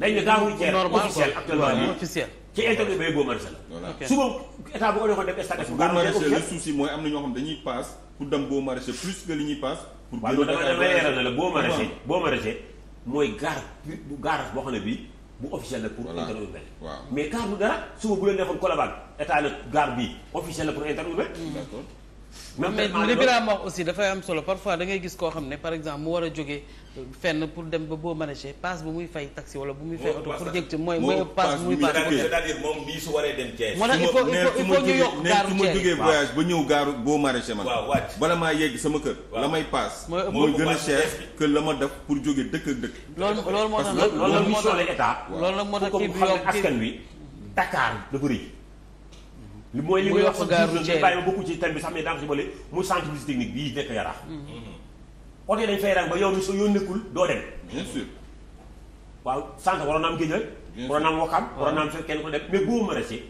dañ ne daa huitière officiel actuellement nii officiel ci internet bay boo marché la suba état bu ko joxoon def station boo marché le souci mooy am na ñoo xam dañuy paas boo marché boo marché boo mooy gaar bu gaar boo xam ne bii bu officiel la pour internet mais gaar bu dara suba bu leen neexoon Colobane état la gaar bii mais li Birame wax aussi dafay am solo parfois da ngay gis koo xam ne par exemple mu war a jógee fenn pour dem ba boo maraîcher paas bu muy fay taxi wala bu muy fay oto pour jëg ci mooy mooy paas bu muy paas c'est-à-dire moom mii su waree dem Thiès moo tax il faut il faut ñu yokk gaaru Thiès su ma jógee voyage ba ñëw gaaru boo maraîcher man bala maa yegg sama kër la may paas mooy gën a cher que la ma def pour jóge dëkk ak dëkk loolu loolu moo tax loolu nag moo tax kii bi yokk askan wi Dakar dafa rëy li mooy li may wax bàyyi ma bokku ci thème bi sax mais daa mu ci boole muy centre visite technique bii nekk yaraax oto yi dañ fay rang ba yow mi soo yoon nekkul doo dem waaw centre waroon am géej rek waroon na am waroon na am ko dem mais boo maraîcher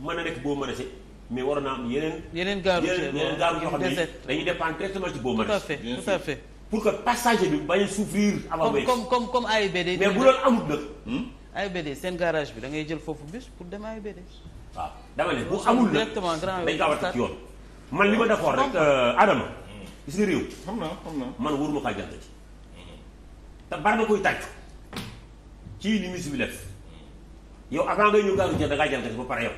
mën boo maraîcher mais waroon na am yeneen yeneen gaaru yeneen gaaru yoo xam ne dañuy dépendre directement ci boo maraîcher tout fait pour que passager bi bañ a souffrir avant comme comme comme AIBD mais bu loolu amut nag hmm? AIBD seen garage bi da ngay jël foofu bus pour dem AIBD waaw dama ne bu xamul nag dañ kaa war a teg ci yoon man li ma defoon rek euh, Adama gis nga réew xam naa xam naa man wóoruma kaa jàll ci te bari na koy tàccu ci li ministre def yow avant ngay ñëw gaaru jënd da ngaa jàll ba pare yow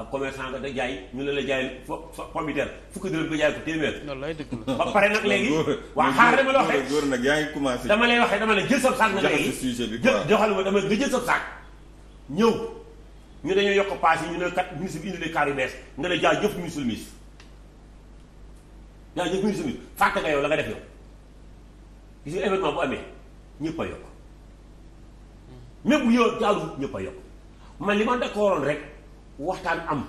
ak commerçant nga da jaay ñu ne la jaay fo pomme de terre fukki dërëm nga jaay ko téeméer ba pare nag léegi waa xaar dama la waxee góor nag yaa ngi commencé dama lay waxee dama la jël sa saak nag léegi jël joxal ma dama nga jël sa ñëw ñu dañoo yokk paas yi ñu ne kat ministre bi indi les cars yu bees nga ne jaa jëf ministre mis jaa jëf ministre mis fàtte nga yow la nga def yow gis nga événement bu amee ñëpp a yokk même bu yow jaalu yokk man li ma d'accordoon rek waxtaan am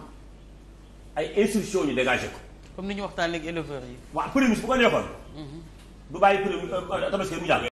ay instructions ñu dégagé ko. comme ni ñu waxtaan léegi éleveurs yi. waaw premier ministre bu ko neexoon. Mhm. du bàyyi premier euh, euh, tabaski mu jàll.